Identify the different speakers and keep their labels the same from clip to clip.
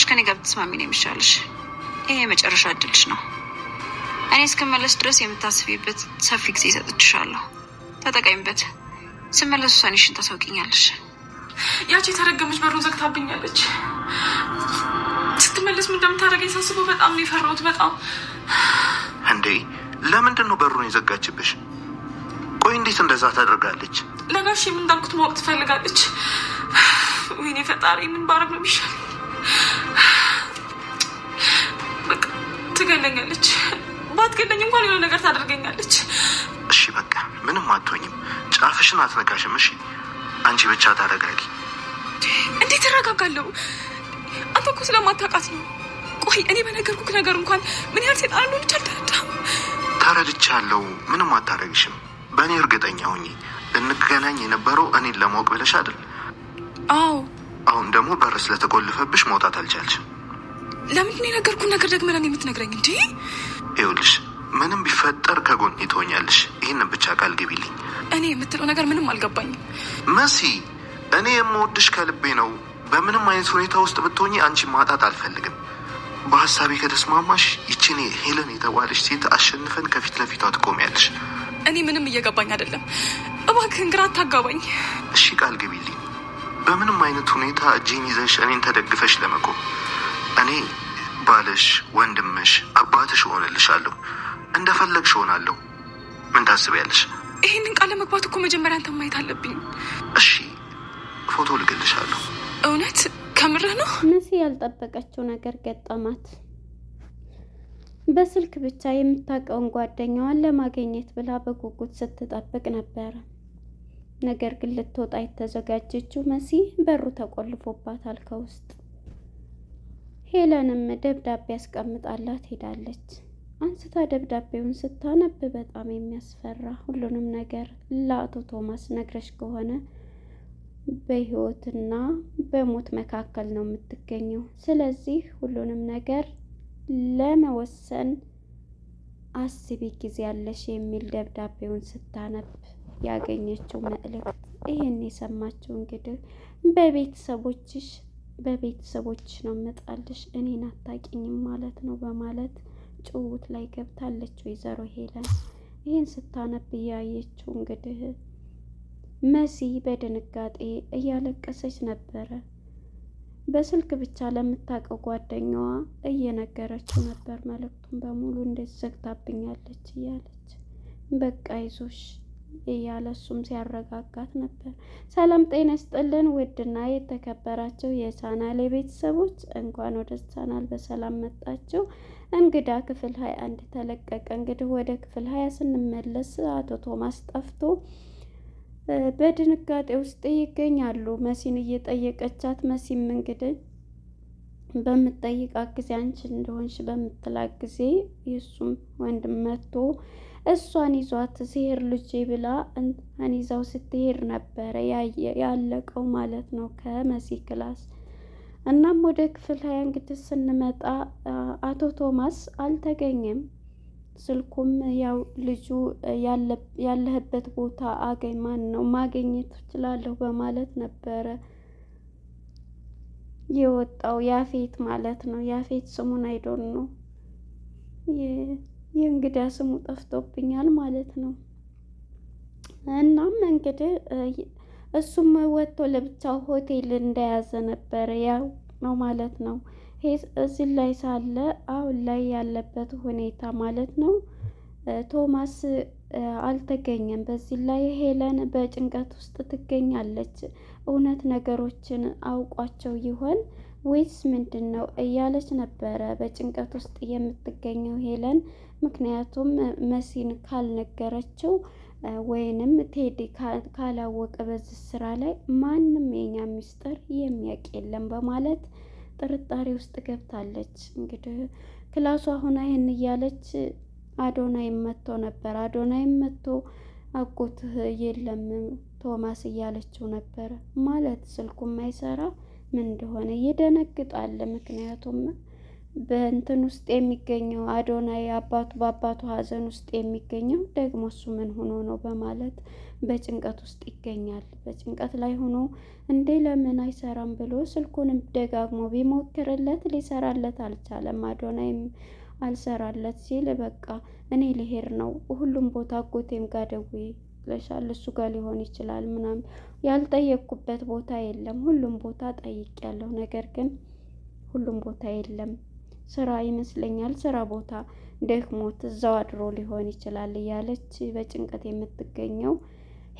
Speaker 1: ሆነሽ ከኔ ጋር ብትስማሚ ነው የሚሻልሽ። ይሄ የመጨረሻ እድልሽ ነው። እኔ እስክመለስ ድረስ የምታስቢበት ሰፊ ጊዜ ይሰጥችሻለሁ። ተጠቃሚበት። ስመለስ ውሳኔሽን ታሳውቂኛለሽ።
Speaker 2: ያቺ የተረገመች በሩን ዘግታብኛለች። ስትመለስ ምን እንደምታደርገኝ ሳስበው በጣም ነው የፈራሁት። በጣም
Speaker 3: እንዴ! ለምንድን ነው በሩን የዘጋችብሽ? ቆይ እንዴት እንደዛ ታደርጋለች?
Speaker 2: ለጋሽ የምንዳልኩት ማወቅ ትፈልጋለች። ወይኔ ፈጣሪ፣ ምን ባረግ ነው የሚሻል? ትገለኛለች። ባትገለኝ እንኳን የሆነ ነገር ታደርገኛለች።
Speaker 3: እሺ በቃ ምንም አትሆኝም። ጫፍሽን አትነካሽም። እሺ አንቺ ብቻ ታረጋጊ።
Speaker 2: እንዴት እረጋጋለሁ? አንተ እኮ ስለማታውቃት ነው። ቆይ እኔ በነገርኩክ ነገር እንኳን ምን ያህል ሴጣን እንደሆነች አልተረዳም።
Speaker 3: ተረድቻለሁ። ምንም አታረግሽም። በእኔ እርግጠኛ ሁኚ። እንገናኝ የነበረው እኔን ለማወቅ ብለሽ አይደል? አዎ። አሁን ደግሞ በር ስለተቆለፈብሽ መውጣት አልቻልሽም።
Speaker 2: ለምንድን የነገርኩን ነገር ደግመህ ለእኔ የምትነግረኝ? እንዲ
Speaker 3: ይኸውልሽ፣ ምንም ቢፈጠር ከጎን ትሆኛለሽ። ይህን ብቻ ቃል ግቢልኝ።
Speaker 2: እኔ የምትለው ነገር ምንም አልገባኝም
Speaker 3: መሲ። እኔ የምወድሽ ከልቤ ነው። በምንም አይነት ሁኔታ ውስጥ ብትሆኝ አንቺ ማጣት አልፈልግም። በሀሳቤ ከተስማማሽ ይችን ሄለን የተባለች ሴት አሸንፈን ከፊት ለፊቷ ትቆሚያለሽ።
Speaker 2: እኔ ምንም እየገባኝ አይደለም። እባክህን ግራ አታጋባኝ።
Speaker 3: እሺ ቃል ግቢልኝ፣ በምንም አይነት ሁኔታ እጄን ይዘሽ እኔን ተደግፈሽ ለመቆም እኔ ባልሽ፣ ወንድምሽ፣ አባትሽ እሆንልሻለሁ። እንደፈለግሽ እሆናለሁ። ምን ታስቢያለሽ?
Speaker 2: ይህንን ቃለ ለመግባት እኮ መጀመሪያ አንተ ማየት አለብኝ።
Speaker 3: እሺ፣ ፎቶ ልግልሻለሁ።
Speaker 2: እውነት ከምርህ ነው?
Speaker 4: መሲ ያልጠበቀችው ነገር ገጠማት። በስልክ ብቻ የምታውቀውን ጓደኛዋን ለማግኘት ብላ በጉጉት ስትጠብቅ ነበረ። ነገር ግን ልትወጣ የተዘጋጀችው መሲ በሩ ተቆልፎባታል ከውስጥ ሄለንም ደብዳቤ ያስቀምጣላት ሄዳለች። አንስታ ደብዳቤውን ስታነብ በጣም የሚያስፈራ ሁሉንም ነገር ለአቶ ቶማስ ነግረሽ ከሆነ በህይወትና በሞት መካከል ነው የምትገኘው። ስለዚህ ሁሉንም ነገር ለመወሰን አስቢ ጊዜ ያለሽ የሚል ደብዳቤውን ስታነብ ያገኘችው መልእክት ይህን የሰማችው እንግዲህ በቤተሰቦችሽ በቤተሰቦች ነው መጣልሽ፣ እኔን አታቂኝም ማለት ነው በማለት ጭውውት ላይ ገብታለች ወይዘሮ ሄለን። ይህን ስታነብ እያየችው እንግዲህ መሲ በድንጋጤ እያለቀሰች ነበረ። በስልክ ብቻ ለምታውቀው ጓደኛዋ እየነገረችው ነበር መልእክቱን በሙሉ እንደዚህ ዘግታብኛለች እያለች በቃ ይዞሽ እያለ እሱም ሲያረጋጋት ነበር። ሰላም ጤና ይስጥልን ውድና የተከበራቸው የቻናሌ ቤተሰቦች እንኳን ወደ ቻናል በሰላም መጣችሁ። እንግዳ ክፍል ሀያ አንድ ተለቀቀ። እንግዲህ ወደ ክፍል ሀያ ስንመለስ አቶ ቶማስ ጠፍቶ በድንጋጤ ውስጥ ይገኛሉ። መሲን እየጠየቀቻት መሲም እንግዲህ በምትጠይቃት ጊዜ አንቺ እንደሆንሽ በምትላት ጊዜ የእሱም ወንድም መጥቶ እሷን ይዟት ሲሄድ ልጄ ብላ እንትን ይዛው ስትሄድ ነበረ ያለቀው ማለት ነው ከመሲ ክላስ። እናም ወደ ክፍል ሀያ እንግዲህ ስንመጣ አቶ ቶማስ አልተገኘም። ስልኩም ያው ልጁ ያለህበት ቦታ አገኝ ማን ነው ማግኘት ትችላለሁ በማለት ነበረ የወጣው ያፌት ማለት ነው። ያፌት ስሙን አይዶን ነው የእንግዳ ስሙ ጠፍቶብኛል ማለት ነው። እናም እንግዲህ እሱም ወጥቶ ለብቻው ሆቴል እንደያዘ ነበረ ያው ነው ማለት ነው። እዚህ ላይ ሳለ አሁን ላይ ያለበት ሁኔታ ማለት ነው ቶማስ አልተገኘም። በዚህ ላይ ሄለን በጭንቀት ውስጥ ትገኛለች። እውነት ነገሮችን አውቋቸው ይሆን ወይስ ምንድን ነው እያለች ነበረ በጭንቀት ውስጥ የምትገኘው ሄለን። ምክንያቱም መሲን ካልነገረችው ወይንም ቴዲ ካላወቀ በዚህ ስራ ላይ ማንም የኛ ሚስጥር የሚያውቅ የለም በማለት ጥርጣሬ ውስጥ ገብታለች። እንግዲህ ክላሷ ሆና ይህን እያለች አዶናይ መጥቶ ነበር። አዶናይ መጥቶ አጎትህ የለም ቶማስ እያለችው ነበር። ማለት ስልኩ ማይሰራ ምን እንደሆነ ይደነግጣል። ምክንያቱም በእንትን ውስጥ የሚገኘው አዶናይ አባቱ በአባቱ ሀዘን ውስጥ የሚገኘው ደግሞ እሱ ምን ሆኖ ነው በማለት በጭንቀት ውስጥ ይገኛል። በጭንቀት ላይ ሆኖ እንዴ ለምን አይሰራም ብሎ ስልኩንም ደጋግሞ ቢሞክርለት ሊሰራለት አልቻለም። አዶናይም አልሰራለት ሲል በቃ እኔ ልሄድ ነው ሁሉም ቦታ አጎቴም ጋር ደውይልሻል እሱ ጋር ሊሆን ይችላል ምናምን ያልጠየቅኩበት ቦታ የለም። ሁሉም ቦታ ጠይቄያለሁ፣ ነገር ግን ሁሉም ቦታ የለም። ስራ ይመስለኛል ስራ ቦታ ደክሞት እዛው አድሮ ሊሆን ይችላል እያለች በጭንቀት የምትገኘው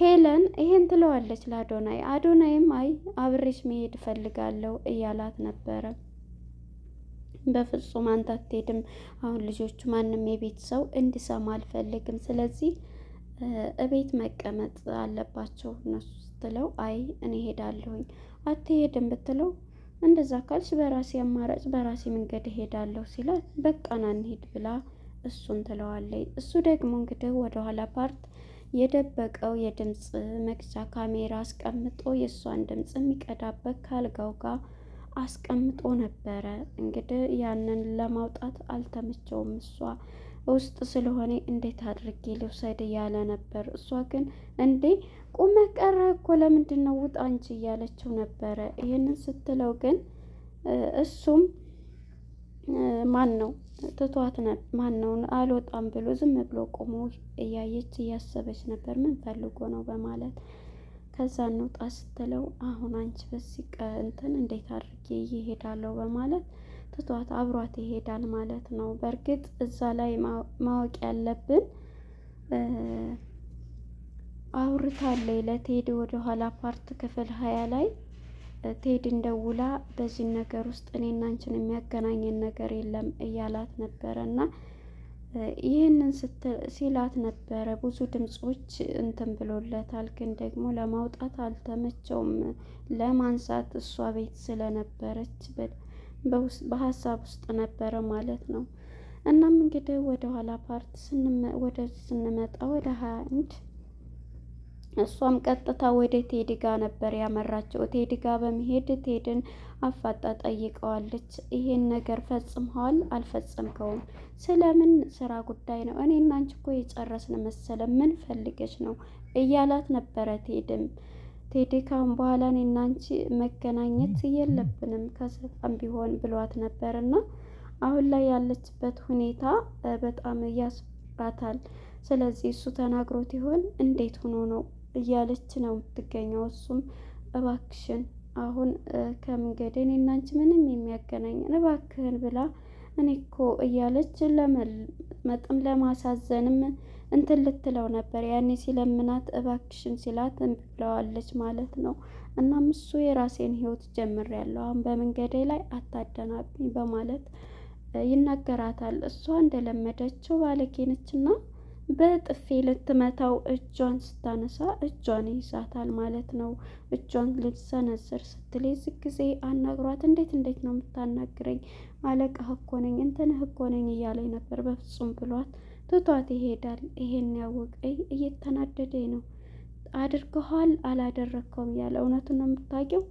Speaker 4: ሄለን ይሄን ትለዋለች ለአዶናይ። አዶናይም አይ አብሬሽ መሄድ እፈልጋለሁ እያላት ነበረ። በፍጹም አንተ አትሄድም። አሁን ልጆቹ ማንም የቤት ሰው እንዲሰማ አልፈልግም። ስለዚህ እቤት መቀመጥ አለባቸው እነሱ ስትለው፣ አይ እኔ ሄዳለሁኝ። አትሄድም ብትለው እንደዛ ካልሽ በራሴ አማራጭ በራሴ መንገድ ሄዳለሁ ሲላት፣ በቃ ና እንሂድ ብላ እሱን ትለዋለች። እሱ ደግሞ እንግዲህ ወደኋላ ፓርት የደበቀው የድምፅ መግቻ ካሜራ አስቀምጦ የእሷን ድምፅ የሚቀዳበት ካልጋው ጋር አስቀምጦ ነበረ። እንግዲህ ያንን ለማውጣት አልተመቸውም። እሷ ውስጥ ስለሆነ እንዴት አድርጌ ልውሰድ እያለ ነበር። እሷ ግን እንዴ ቁመ ቀረ እኮ ለምንድን ነው ውጣ እንጂ እያለችው ነበረ። ይህንን ስትለው ግን እሱም ማን ነው ትቷት ማን ነው አልወጣም ብሎ ዝም ብሎ ቆሞ እያየች እያሰበች ነበር። ምን ፈልጎ ነው በማለት ከዛ እንውጣ ስትለው አሁን አንቺ በዚህ እንትን እንዴት አድርጌ ይሄዳለሁ በማለት ትቷት አብሯት ይሄዳል ማለት ነው። በእርግጥ እዛ ላይ ማወቅ ያለብን አውርታለች ለቴድ ወደኋላ ፓርት ክፍል ሀያ ላይ ቴድ እንደውላ በዚህ ነገር ውስጥ እኔና አንቺን የሚያገናኘን ነገር የለም እያላት ነበረ እና ይህንን ሲላት ነበረ። ብዙ ድምፆች እንትን ብሎለታል፣ ግን ደግሞ ለማውጣት አልተመቸውም። ለማንሳት እሷ ቤት ስለነበረች በሀሳብ ውስጥ ነበረ ማለት ነው። እናም እንግዲህ ወደኋላ ፓርት ወደ ስንመጣ ወደ ሀያ አንድ እሷም ቀጥታ ወደ ቴዲ ጋ ነበር ያመራቸው። ቴድጋ በመሄድ ቴድን አፋጣ ጠይቀዋለች። ይሄን ነገር ፈጽመዋል አልፈጸምከውም? ስለምን ስራ ጉዳይ ነው? እኔ እናንቺ እኮ የጨረስን መሰለ። ምን ፈልገች ነው እያላት ነበረ ቴድም ቴዲ ካሁን በኋላ እኔ እናንቺ መገናኘት የለብንም ከሰጣም ቢሆን ብሏት ነበር እና አሁን ላይ ያለችበት ሁኔታ በጣም ያስፈራታል። ስለዚህ እሱ ተናግሮት ይሆን? እንዴት ሆኖ ነው እያለች ነው የምትገኘው። እሱም እባክሽን አሁን ከመንገዴ እኔ እና አንቺ ምንም የሚያገናኘን እባክህን ብላ እኔ እኮ እያለች ለመጥም ለማሳዘንም እንትን ልትለው ነበር። ያኔ ሲለምናት እባክሽን ሲላት እምቢ ብለዋለች ማለት ነው። እናም እሱ የራሴን ህይወት ጀምሬያለሁ፣ አሁን በመንገዴ ላይ አታደናቅኝ በማለት ይናገራታል። እሷ እንደለመደችው ባለጌ ነችና በጥፌ ልትመታው እጇን ስታነሳ እጇን ይዛታል ማለት ነው። እጇን ልትሰነዝር ስትል የዚህ ጊዜ አናግሯት፣ እንዴት እንዴት ነው የምታናግረኝ? አለቃ እኮ ነኝ እንትንህ እኮ ነኝ እያለኝ ነበር በፍጹም ብሏት ትቷት ይሄዳል። ይሄን ያወቀኝ እየተናደደኝ ነው አድርገኋል አላደረግከውም ያለ እውነቱን ነው የምታውቂው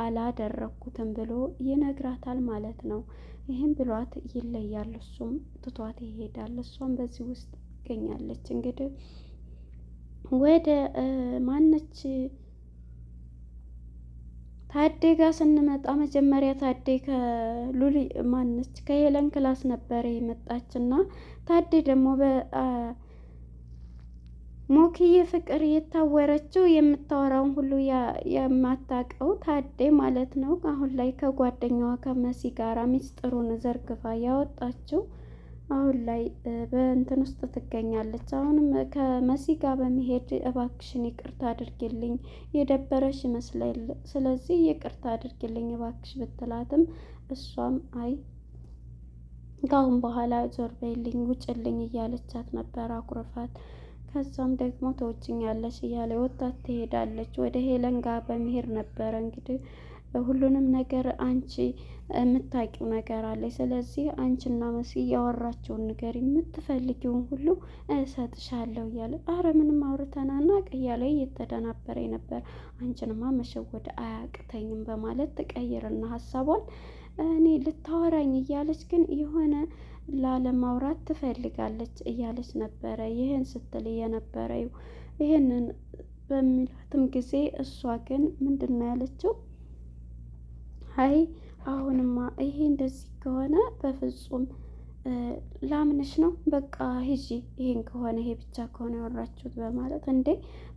Speaker 4: አላደረግኩትም ብሎ ይነግራታል ማለት ነው። ይህም ብሏት ይለያል። እሱም ትቷት ይሄዳል። እሷም በዚህ ውስጥ ትገኛለች። እንግዲህ ወደ ማነች ታዴ ጋር ስንመጣ መጀመሪያ ታዴ ከሉሊ ማነች ከሄለን ክላስ ነበር የመጣች እና ታዴ ደግሞ በሞክዬ ፍቅር የታወረችው የምታወራውን ሁሉ የማታውቀው ታዴ ማለት ነው። አሁን ላይ ከጓደኛዋ ከመሲ ጋራ ሚስጥሩን ዘርግፋ ያወጣችው አሁን ላይ በእንትን ውስጥ ትገኛለች። አሁንም ከመሲ ጋር በመሄድ እባክሽን ይቅርታ አድርጊልኝ የደበረሽ ይመስላል፣ ስለዚህ ይቅርታ አድርጊልኝ እባክሽ ብትላትም እሷም አይ ከአሁን በኋላ ዞር በይልኝ ውጭልኝ እያለቻት ነበር አኩርፋት። ከዛም ደግሞ ተውጭኛለሽ እያለ ወጣት ትሄዳለች። ወደ ሄለን ጋር በመሄድ ነበረ እንግዲህ ሁሉንም ነገር አንቺ የምታውቂው ነገር አለ። ስለዚህ አንቺና መሲ ያወራቸውን ነገር የምትፈልጊውን ሁሉ እሰጥሻለሁ እያለ አረ ምንም አውርተናና ቅያ ላይ እየተደናበረ ነበር። አንቺንማ መሸወድ አያቅተኝም በማለት ትቀይርና ሀሳቧን እኔ ልታወራኝ እያለች ግን የሆነ ላለማውራት ትፈልጋለች እያለች ነበረ። ይህን ስትል የነበረ ይህንን በሚላትም ጊዜ እሷ ግን ምንድን ነው ያለችው? አይ አሁንማ ይሄ እንደዚህ ከሆነ በፍጹም ላምንሽ ነው። በቃ ሂጂ፣ ይሄን ከሆነ ይሄ ብቻ ከሆነ ያወራችሁት በማለት እንዴ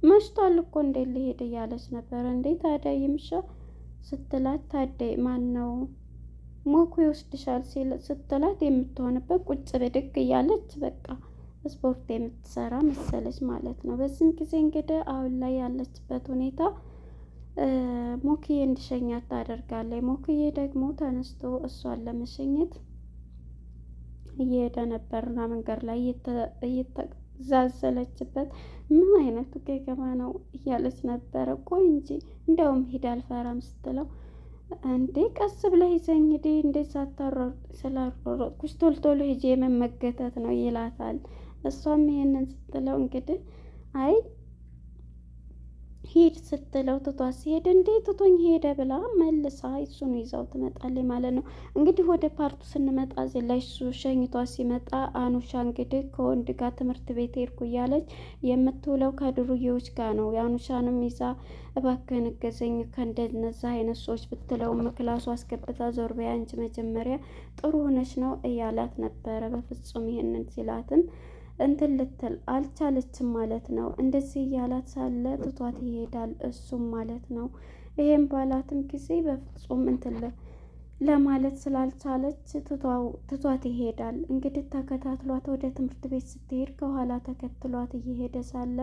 Speaker 4: መሽቷል እኮ እንዴ ልሄድ እያለች ነበር። እንዴ ታዲያ ይምሻ ስትላት ታዴ ማን ነው ሞኩ ይወስድሻል ስትላት የምትሆንበት ቁጭ ብድግ እያለች በቃ ስፖርት የምትሰራ መሰለች ማለት ነው። በዚህም ጊዜ እንግዲህ አሁን ላይ ያለችበት ሁኔታ ሞክዬ እንድሸኛት ታደርጋለች። ሞክዬ ደግሞ ተነስቶ እሷን ለመሸኘት እየሄደ ነበርና መንገድ ላይ እየተዛዘለችበት ምን አይነቱ ገገማ ነው እያለች ነበረ። ቆይ እንጂ እንዲያውም ሂድ አልፈራም ስትለው እንዴ ቀስ ብለህ ይዘኝ ሂድ፣ እንዴት ስላሮጥኩሽ ቶሎ ቶሎ ሂጄ የመመገተት ነው ይላታል። እሷም ይሄንን ስትለው እንግዲህ አይ ሂድ ስትለው ትቷት ሲሄድ እንዴ ትቶኝ ሄደ ብላ መልሳ እሱን ይዛው ትመጣለች ማለት ነው። እንግዲህ ወደ ፓርቱ ስንመጣ እዚህ እሱ ሸኝቷ ሲመጣ አኑሻ እንግዲህ ከወንድ ጋር ትምህርት ቤት ሄድኩ እያለች የምትውለው ከድሩዬዎች ጋር ነው። የአኑሻንም ይዛ እባክህን እገዘኝ ከእንደነዛ አይነት ሰዎች ብትለውም ክላሱ አስገብታ ዞር በይ አንቺ መጀመሪያ ጥሩ ሆነች ነው እያላት ነበረ። በፍጹም ይህንን ሲላትም እንትን ልትል አልቻለችም ማለት ነው። እንደዚህ እያላት ሳለ ትቷት ይሄዳል እሱም ማለት ነው። ይሄም ባላትም ጊዜ በፍጹም እንትን ለማለት ስላልቻለች ትቷት ይሄዳል። እንግዲህ ተከታትሏት ወደ ትምህርት ቤት ስትሄድ ከኋላ ተከትሏት እየሄደ ሳለ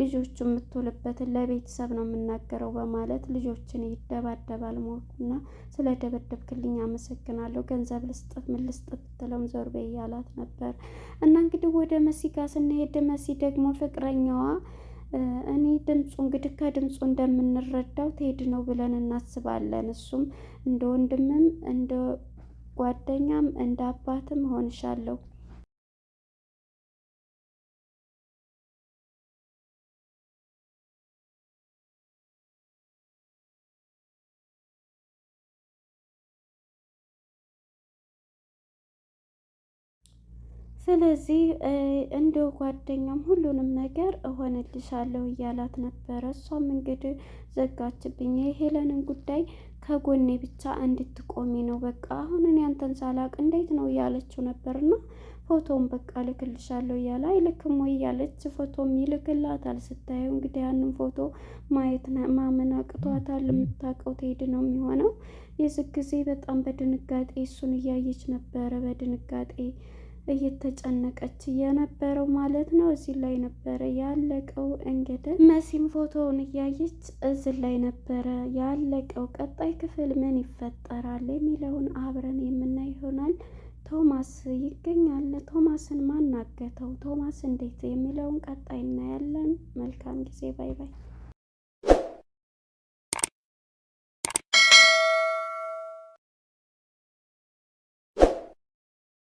Speaker 4: ልጆቹ የምትውልበትን ለቤተሰብ ነው የምናገረው በማለት ልጆችን ይደባደባል። ሞቱና ስለ ደበደብክልኝ አመሰግናለሁ፣ ገንዘብ ልስጥት ምን ልስጥት ብትለውም ዞር በይ እያላት ነበር እና እንግዲህ ወደ መሲ ጋር ስንሄድ መሲ ደግሞ ፍቅረኛዋ እኔ ድምፁ እንግዲህ ከድምፁ እንደምንረዳው ቴዲ ነው ብለን እናስባለን። እሱም እንደ ወንድምም እንደ ጓደኛም እንደ አባትም ሆንሻለሁ። ስለዚህ እንደ ጓደኛም ሁሉንም ነገር እሆንልሻለሁ እያላት ነበረ። እሷም እንግዲህ ዘጋችብኝ። የሄለንን ጉዳይ ከጎኔ ብቻ እንድትቆሚ ነው በቃ አሁን እኔ አንተን ሳላቅ እንዴት ነው እያለችው ነበርና ፎቶውን በቃ ልክልሻለሁ እያለ አይልክም ወይ እያለች ፎቶም ይልክላታል። ስታየው እንግዲህ ያንን ፎቶ ማየት ማመን አቅቷታል። የምታውቀው ትሄድ ነው የሚሆነው። የዚህ ጊዜ በጣም በድንጋጤ እሱን እያየች ነበረ በድንጋጤ እየተጨነቀች የነበረው ማለት ነው። እዚህ ላይ ነበረ ያለቀው። እንግዲህ መሲም ፎቶውን እያየች እዚህ ላይ ነበረ ያለቀው። ቀጣይ ክፍል ምን ይፈጠራል የሚለውን አብረን የምናይ ይሆናል። ቶማስ ይገኛል። ቶማስን ማናገተው ቶማስ እንዴት የሚለውን ቀጣይ እናያለን። መልካም ጊዜ። ባይ ባይ።